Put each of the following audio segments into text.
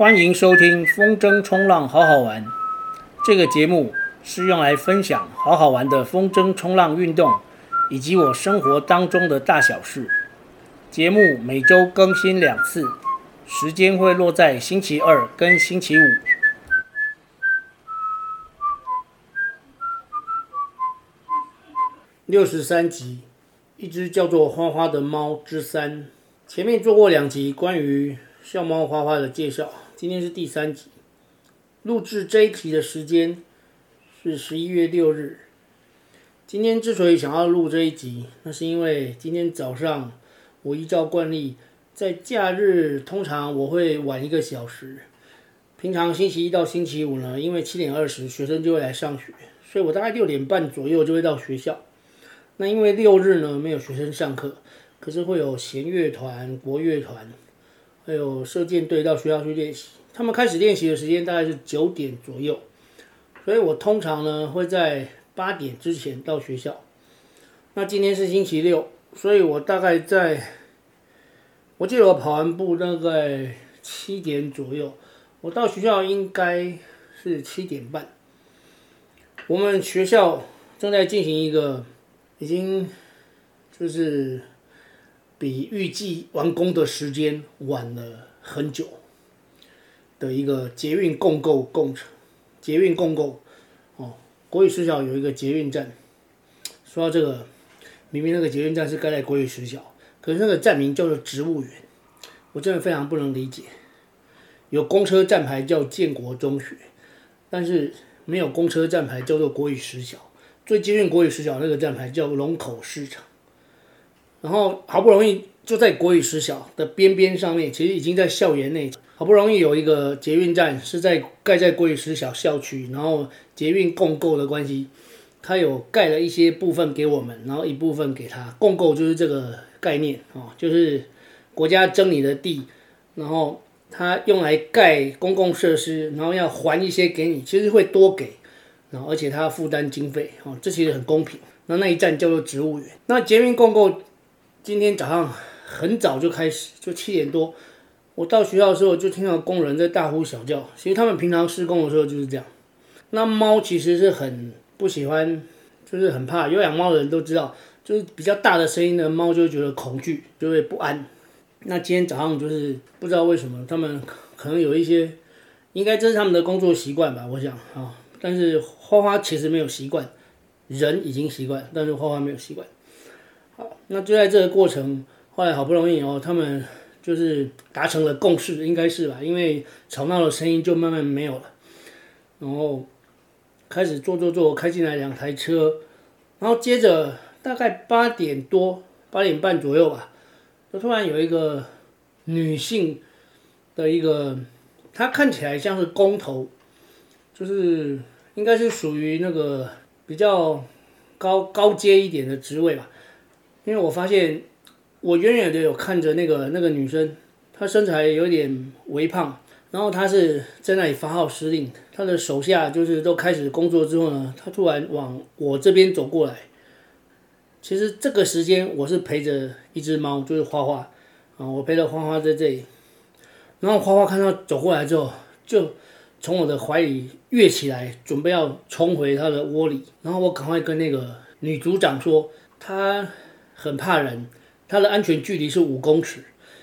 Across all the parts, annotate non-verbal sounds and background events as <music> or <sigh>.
歡迎收聽風箏衝浪好好玩。這個節目是用來分享好好玩的風箏衝浪運動，以及我生活當中的大小事。節目每週更新兩次，時間會落在星期二跟星期五。六十三集，一隻叫做花花的貓之三。前面做過兩集關於小貓花花的介紹。今天是第三集，錄製這一集的時間是十一月六日。今天之所以想要錄這一集，那是因為今天早上我依照慣例，在假日通常我會晚一個小時。平常星期一到星期五呢，因為七點二十學生就會來上學，所以我大概六點半左右就會到學校。那因為六日呢沒有學生上課，可是會有弦樂團、國樂團。還有射箭隊到學校去練習，他們開始練習的時間大概是九點左右，所以我通常呢會在八點之前到學校。那今天是星期六，所以我大概在，我記得我跑完步大概七點左右，我到學校應該是七點半。我們學校正在進行一個，已經就是。比預計完工的時間晚了很久的一個捷運共構工程，捷運共構哦，國語實小有一個捷運站。說到這個，明明那個捷運站是蓋在國語實小，可是那個站名叫做植物園，我真的非常不能理解。有公車站牌叫建國中學，但是沒有公車站牌叫做國語實小。最接近國語實小那個站牌叫龍口市場。然後好不容易就在國語實小的邊邊上面，其實已經在校園內。好不容易有一個捷運站是在蓋在國語實小校區，然後捷運共構的關係，它有蓋了一些部分給我們，然後一部分給他。共構就是這個概念哦，就是國家徵你的地，然後他用來蓋公共設施，然後要還一些給你，其實會多給，然後而且他負擔經費哦，這其實很公平。那那一站叫做植物園，那捷運共構。今天早上很早就開始，就七點多，我到學校的時候就聽到工人在大呼小叫。其實他們平常施工的時候就是這樣。那貓其實是很不喜歡，就是很怕。有養貓的人都知道，就是比較大的聲音呢，貓就會覺得恐懼，就會不安。那今天早上就是不知道為什麼，他們可能有一些，應該這是他們的工作習慣吧，我想啊。但是花花其實沒有習慣，人已經習慣，但是花花沒有習慣。好，那就在這個過程，後來好不容易哦，他們就是達成了共識，應該是吧，因為吵鬧的聲音就慢慢沒有了，然後開始做做做，開進來兩台車，然後接着大概八點多，八點半左右吧，就突然有一個女性的一個，她看起來像是工頭，就是應該是屬於那個比較高高階一點的職位吧。因為我發現，我遠遠的有看着那個那個女生，她身材有點微胖，然後她是在那裡發號施令，她的手下就是都開始工作之後呢，她突然往我這邊走過來。其實這個時間我是陪着一隻貓，就是花花啊，我陪着花花在這裡，然後花花看到她走過來之後，就從我的懷裡躍起來，準備要衝回她的窩裡，然後我趕快跟那個女組長說，她。很怕人，它的安全距離是五公尺。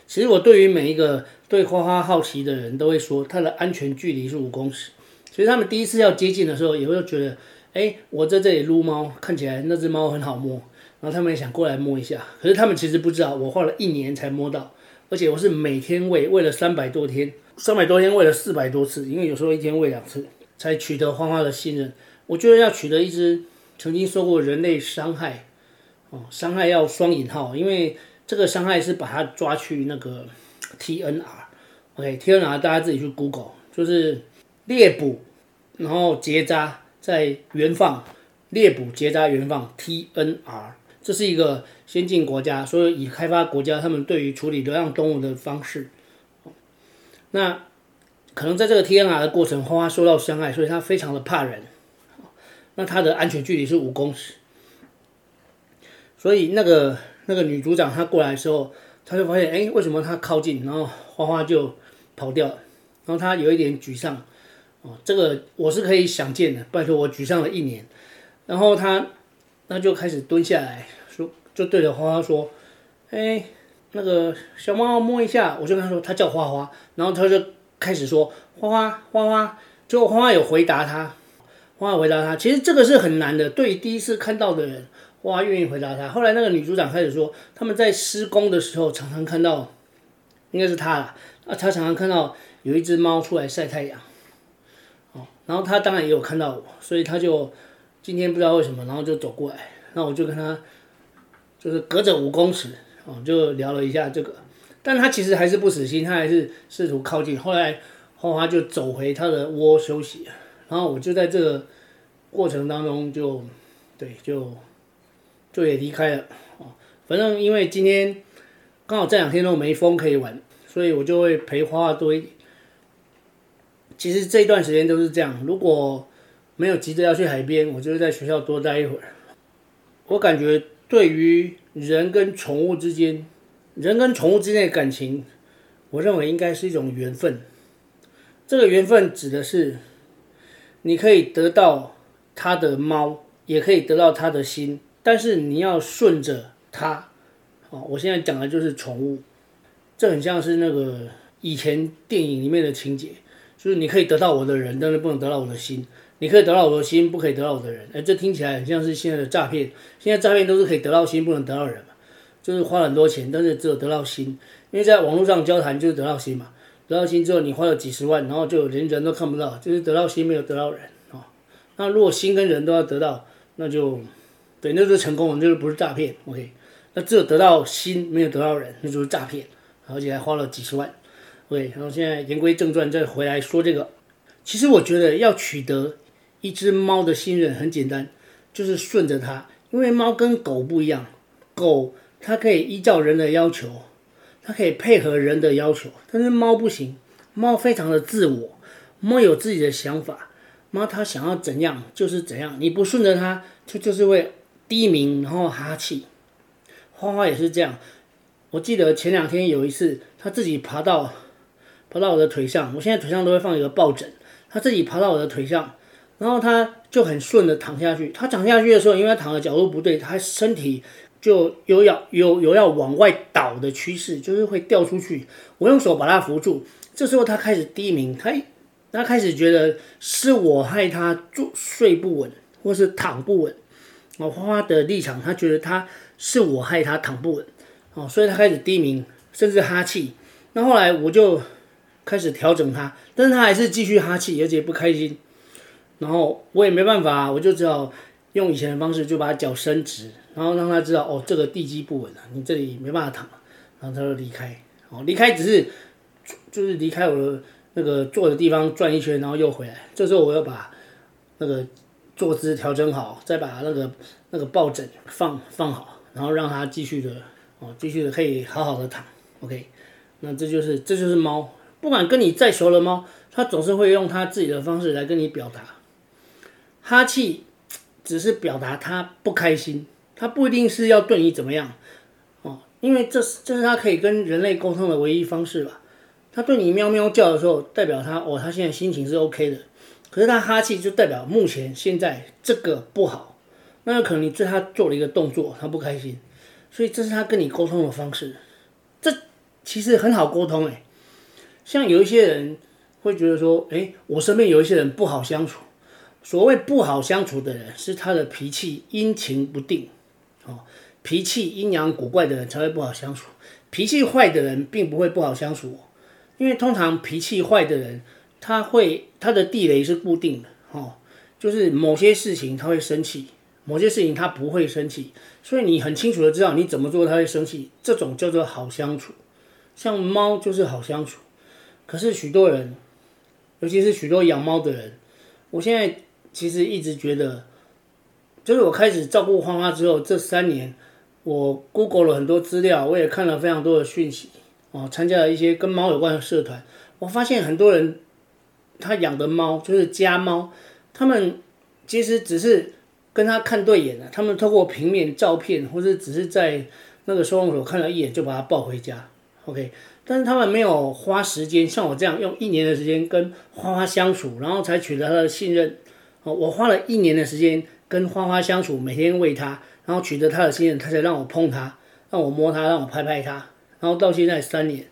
其實我對於每一個對花花好奇的人都會說，它的安全距離是五公尺。所以他們第一次要接近的時候，也會覺得，哎，我在這裡擼貓，看起來那只貓很好摸，然後他們也想過來摸一下。可是他們其實不知道，我花了一年才摸到，而且我是每天餵，餵了三百多天，三百多天餵了四百多次，因為有時候一天餵兩次，才取得花花的信任。我覺得要取得一只曾經受過人類傷害。哦，傷害要雙引號，因為這個傷害是把它抓去那個 T N R。OK，T N R 大家自己去 Google，就是獵捕，然後結紮，再原放，獵捕結紮原放 T N R。這是一個先進國家，所以以開發國家，他們對於處理流浪動物的方式，那可能在這個 T N R 的過程，花花受到傷害，所以它非常的怕人。那它的安全距離是五公尺。所以那個那個女組長她過來的時候，她就發現哎，為什麼她靠近，然後花花就跑掉了，然後她有一點沮喪哦，這個我是可以想見的。不然說我沮喪了一年，然後她那就開始蹲下來說，就對着花花說，哎，那個小貓摸一下，我就跟她說，她叫花花，然後她就開始說花花花花，最後花，花花有回答他，花花回答他，其實這個是很難的，對於第一次看到的人。哇，願意回答他。後來那個女組長開始說，他們在施工的時候常常看到，應該是他了。啊，他常常看到有一隻貓出來曬太陽。哦，然後他當然也有看到我，所以他就今天不知道為什麼，然後就走過來。那我就跟他就是隔着五公尺哦，就聊了一下這個。但他其實還是不死心，他還是試圖靠近。後來花花就走回他的窩休息。然後我就在這個過程當中就對就。就也離開了哦，反正因為今天剛好這兩天都沒風可以玩，所以我就會陪花花多一點。其實這一段時間都是這樣，如果沒有急着要去海邊，我就會在學校多待一會兒。我感覺對於人跟寵物之間，人跟寵物之間的感情，我認為應該是一種緣分。這個緣分指的是你可以得到他的貓，也可以得到他的心。但是你要順着他哦，我現在講的就是寵物，這很像是那個以前電影裡面的情節，就是你可以得到我的人，但是不能得到我的心；你可以得到我的心，不可以得到我的人。哎，這聽起來很像是現在的詐騙，現在詐騙都是可以得到心，不能得到人嘛，就是花很多錢，但是只有得到心，因為在網絡上交談就是得到心嘛，得到心之後你花了幾十萬，然後就連人都看不到，就是得到心沒有得到人啊。那如果心跟人都要得到，那就。那就是成功，那就是不是詐騙。OK，那只有得到心，沒有得到人，那就是詐騙，而且還花了幾十萬。OK，然後現在言歸正傳，再回來說這個。其實我覺得要取得一只貓的信任很簡單，就是順着它，因為貓跟狗不一樣，狗它可以依照人的要求，它可以配合人的要求，但是貓不行，貓非常的自我，貓有自己的想法，貓它想要怎樣就是怎樣，你不順着它，就就是會。低鳴，然後哈氣。花花也是這樣。我記得前兩天有一次，他自己爬到爬到我的腿上。我現在腿上都會放一個抱枕。他自己爬到我的腿上，然後他就很順的躺下去。他躺下去的時候，因為他躺的角度不對，他身體就有要有有要往外倒的趨勢，就是會掉出去。我用手把他扶住，這時候他開始低鳴，他他開始覺得是我害他住睡不穩，或是躺不穩。我花、哦、花花的立場，他覺得他是我害他躺不穩，哦，所以他開始低鳴，甚至哈氣。那後，後來我就開始調整他，但是他還是繼續哈氣，而且不開心。然後我也沒辦法，我就只好用以前的方式，就把腳伸直，然後讓他知道，哦，這個地基不穩了，啊，你這裡沒辦法躺了。然後他就離開，哦，離開只是就，就是離開我的那個坐的地方轉一圈，然後又回來。這時候我又把那個。坐姿調整好，再把那個那個抱枕放放好，然後讓它繼續的哦，繼續的可以好好的躺。OK，那這就是這就是貓，不管跟你再熟的貓，它總是會用它自己的方式來跟你表達。哈氣只是表達它不開心，它不一定是要對你怎麼樣哦，因為這是這是它可以跟人類溝通的唯一方式吧，它對你喵喵叫的時候，代表它哦，它現在心情是 OK 的。可是他哈氣就代表目前現在這個不好，那有可能你對他做了一個動作，他不開心，所以這是他跟你溝通的方式，這其實很好溝通哎、欸。像有一些人會覺得說，哎，我身邊有一些人不好相處。所謂不好相處的人，是他的脾氣陰晴不定，哦，脾氣陰陽古怪的人才會不好相處。脾氣壞的人並不會不好相處，因為通常脾氣壞的人，它會，它的地雷是固定的，哦，就是某些事情它會生氣，某些事情它不會生氣，所以你很清楚的知道你怎麼做它會生氣，這種叫做好相處。像貓就是好相處，可是許多人，尤其是許多養貓的人，我現在其實一直覺得，就是我開始照顧花花之後這三年，我 Google 了很多資料，我也看了非常多的訊息，哦，參加了一些跟貓有關的社團，我發現很多人。他養的貓就是家貓，他們其實只是跟他看對眼了。他們透過平面照片或者只是在那個收容所看了一眼就把他抱回家。OK，但是他們沒有花時間像我這樣用一年的時間跟花花相處，然後才取得他的信任。哦，我花了一年的時間跟花花相處，每天餵它，然後取得它的信任，它才讓我碰它，讓我摸它，讓我拍拍它，然後到現在三年。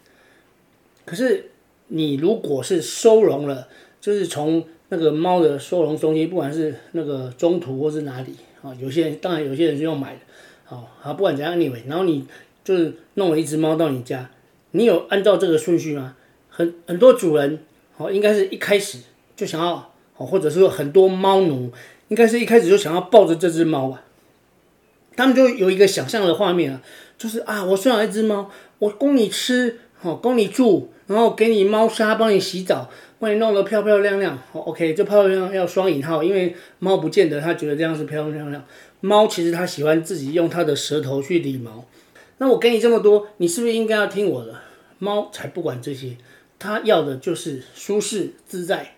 可是。你如果是收容了，就是從那個貓的收容中心，不管是那個中途或是哪裡啊，有些人當然有些人是用買的，好，好，不管怎樣，anyway，然後你就是弄了一隻貓到你家，你有按照這個順序嗎？很很多主人，好，哦，應該是一開始就想要，好，或者說很多貓奴，應該是一開始就想要抱着這隻貓吧，他們就有一個想象的畫面啊，就是啊，我收養一隻貓，我供你吃。哦，供你住，然後給你貓砂，幫你洗澡，幫你弄得漂漂亮亮。OK，這漂漂亮亮要雙引號，因為貓不見得他覺得這樣是漂漂亮亮。貓其實他喜歡自己用他的舌頭去理毛。那我給你這麼多，你是不是應該要聽我的？貓才不管這些，他要的就是舒適自在。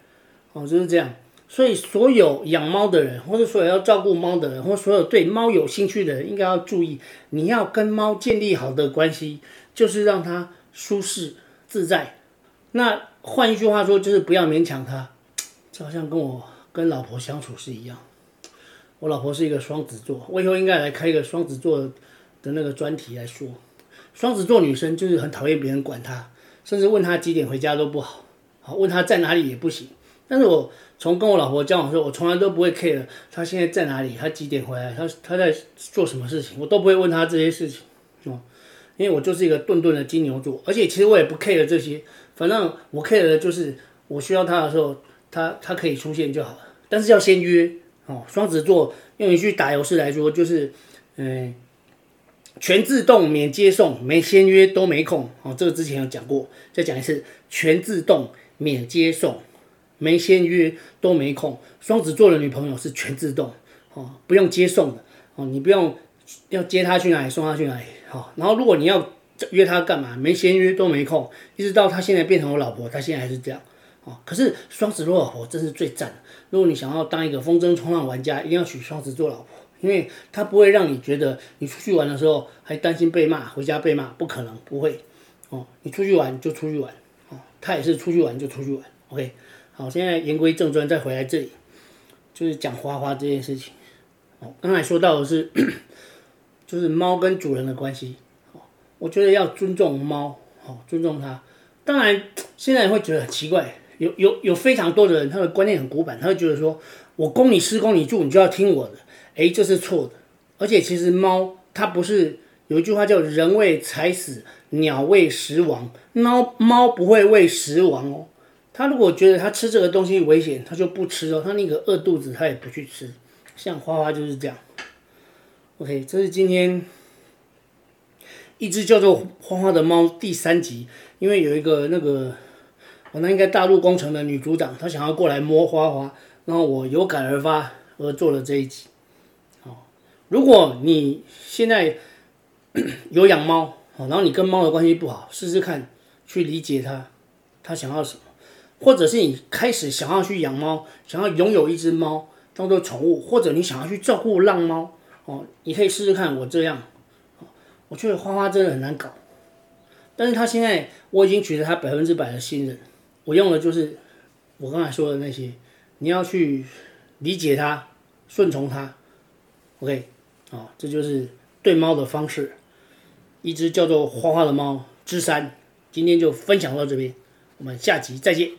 哦，就是這樣。所以所有養貓的人，或者所有要照顧貓的人，或所有對貓有興趣的人，應該要注意，你要跟貓建立好的關係，就是讓它。舒適自在，那換一句話說，就是不要勉強他。就好像跟我跟老婆相處是一樣，我老婆是一個雙子座，我以後應該來開一個雙子座的那個專題來說。雙子座女生就是很討厭別人管她，甚至問她幾點回家都不好，好問她在哪裡也不行。但是我從跟我老婆交往的時候，我從來都不會 care 了。她現在在哪裡？她幾點回來？她她在做什麼事情？我都不會問她這些事情。因為我就是一個頓頓的金牛座，而且其實我也不 care 這些，反正我 care 的就是我需要他的時候，他他可以出現就好了。但是要先約哦。雙子座用一句打油詩來說，就是，嗯、呃，全自動免接送，沒先約都沒空。哦，這個之前有講過，再講一次，全自動免接送，沒先約都沒空。雙子座的女朋友是全自動，哦，不用接送的，哦，你不用要接她去哪裡，送她去哪裡。好，然後如果你要約他幹嘛？沒先約都沒空，一直到他現在變成我老婆，她現在還是這樣。哦，可是雙子做老婆真是最讚了。如果你想要當一個風箏衝浪玩家，一定要娶雙子做老婆，因為他不會讓你覺得你出去玩的時候還擔心被罵，回家被罵，不可能不會。哦，你出去玩就出去玩。哦，他也是出去玩就出去玩。OK，好，現在言歸正傳，再回來這裡，就是講花花這件事情。哦，剛才說到的是。 <coughs> 就是貓跟主人的關係，哦，我覺得要尊重貓，哦，尊重它。當然，現在會覺得很奇怪，有有有非常多的人，他的觀念很古板，他會覺得說，我供你吃，供你住，你就要聽我的。哎，這是錯的。而且其實貓它不是，有一句話叫人為財死，鳥為食亡。貓貓不會為食亡哦，它如果覺得它吃這個東西危險，它就不吃哦。它寧可餓肚子，它也不去吃。像花花就是這樣。OK，這是今天一隻叫做花花的貓第三集，因為有一個那個哦，那應該大陸工程的女組長，她想要過來摸花花，然後我有感而發而做了這一集。好，哦，如果你現在有養貓，然後你跟貓的關係不好，試試看去理解它，它想要什麼，或者是你開始想要去養貓，想要擁有一隻貓當做寵物，或者你想要去照顧浪貓。哦，你可以試試看我這樣，哦，我覺得花花真的很難搞，但是他現在我已經取得他百分之百的信任，我用的就是我剛才說的那些，你要去理解它，順從它，OK，哦，這就是對貓的方式。一隻叫做花花的貓之三，今天就分享到這邊，我們下集再見。